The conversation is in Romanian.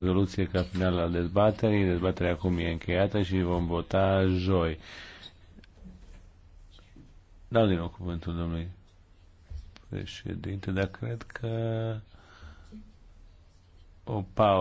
rezoluție ca final al dezbaterii. Dezbaterea acum e încheiată și vom vota joi. Dau din nou cuvântul domnului președinte, dar cred că o pauză.